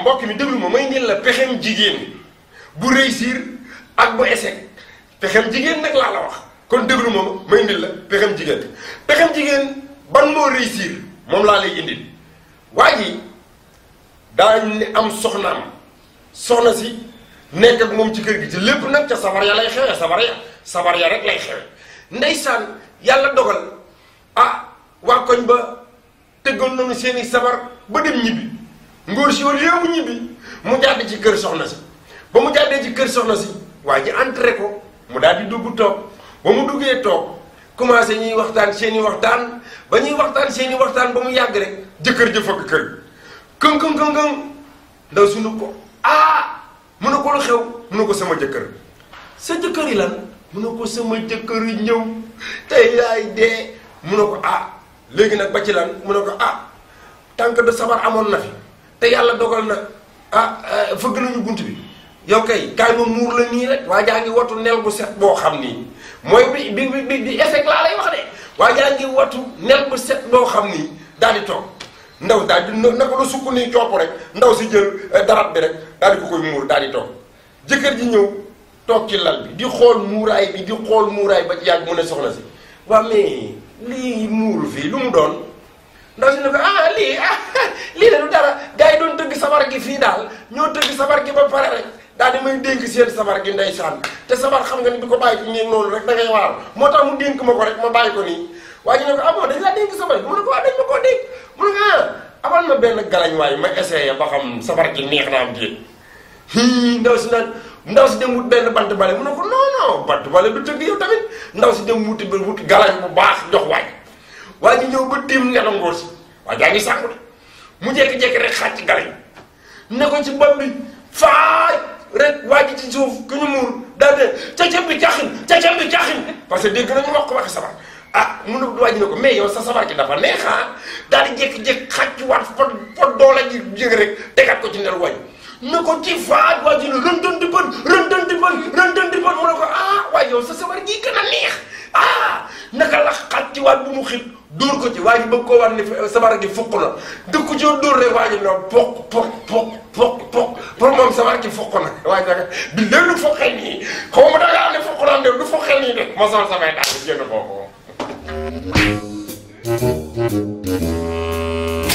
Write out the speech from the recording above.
mbokk mi déglu ma may indil la pexem jigéen bu réussir ak bu échec pexem jigéen nag laa la wax kon déglu ma may indil la pexem jigéen pexem jigéen ban moo réussir moom laa lay indil waa ji daañu ne am soxnaam soxna si nekk ak moom ci kër gi ci lépp nag ca sabar ya lay xewe sabar ya sabar ya rek lay xewe ndeysaan yàlla dogal ah waa koñ ba tëggoon nañu seeni sabar ba dem ñibbi ngóor si wol réew mu ñibbi mu jàdd ci kër soxna si ba mu jàddee ci kër soxna si waaye ji entré ko mu daal di dugg toog ba mu duggee toog commencé ñuy waxtaan seen i waxtaan ba ñuy waxtaan seen i waxtaan ba mu yàgg rek jëkkër ja fëkk kër këng këng këng këng ndaw sunu ko ah mun na ko lu xew mun na ko sama jëkkër sa jëkkër yi lan mun na ko sama jëkkër yi ñëw tey laay dee mun na ko ah léegi nag ba ci lan mun na ko ah tànk de sabar amoon na fi te yàlla dogal na ah eh, fëgg nañu bunt bi yow kay kaay ma muur la nii rek waa jaa ngi wattu nel bu set boo xam nii mooy bi bi bi bi effet laa lay wax de waa jaa ngi wattu nel bu set boo xam nii daal di toog ndaw daal di naka la sukk nii copp rek ndaw si jël eh, darat bi rek daal ko koy muur daal di toog jëkkër ji ñëw toog ci lal bi di xool muuraay bi di xool muuraay ba ci yàgg mu ne soxna si waa lii muuru fii lu mu doon ndaw si ne ko ah lii ah, lii la du dara sabar gi fi dal ñoo tëgg sabar gi ba pare rek daal di may dénk seen sabar gi ndeysaan te sabar xam nga ni bi ko bàyyi ko noonu rek da ngay waaw moo tax mu dénk ma ko rek ma bàyyi ko nii waa ji ne ko ah dañ laa dénk sabar mu ne ko dañ ma koo dénk mu ne ah amal ma benn galañ waay ma essayé ba xam sabar gi neex naa am déet hii ndaw si naan ndaw si dem wut benn bant bale mu ne ko non non bant bale bi tëgg yow tamit ndaw si dem wuti wut galañ bu baax jox waaj waa ji ñëw ba tiim nelaw ngóor si waa jaa ngi sàngu mu jékki-jékki rek xàcc galañ ne ko ci bopp bi faaj rek waa ji ci suuf ku ñu muur daal de ca cëb bi jaxin ca cëb bi jaxin parce que dégg nañu wax ko waxi sabar ah mun na wàññi ne ko mais yow sa sabar ki dafa neex ah daal di jékki-jékki xàccuwaat pot pot doole ji jéeg rek tegaat ko ci nder wàññi. ne ko ci faaj waa ji ne rëndëndi bën rëndëndi bën rëndëndi bën mu ne ko ah waaj yow sa sabar ji gën a neex ah naka la. ci waat bu mu xir dóor ko ci waa ji bëgg koo wan ne sabar gi fukk na dëkku ci dóor rek waa ji noonu pok pok pok pok pok pour moom sabar gi fukk na waa ji nag bi léegi lu fokkee nii xaw ma da ngaa ne fukk na de du fokkee nii de ma sol samay daal di génn kooku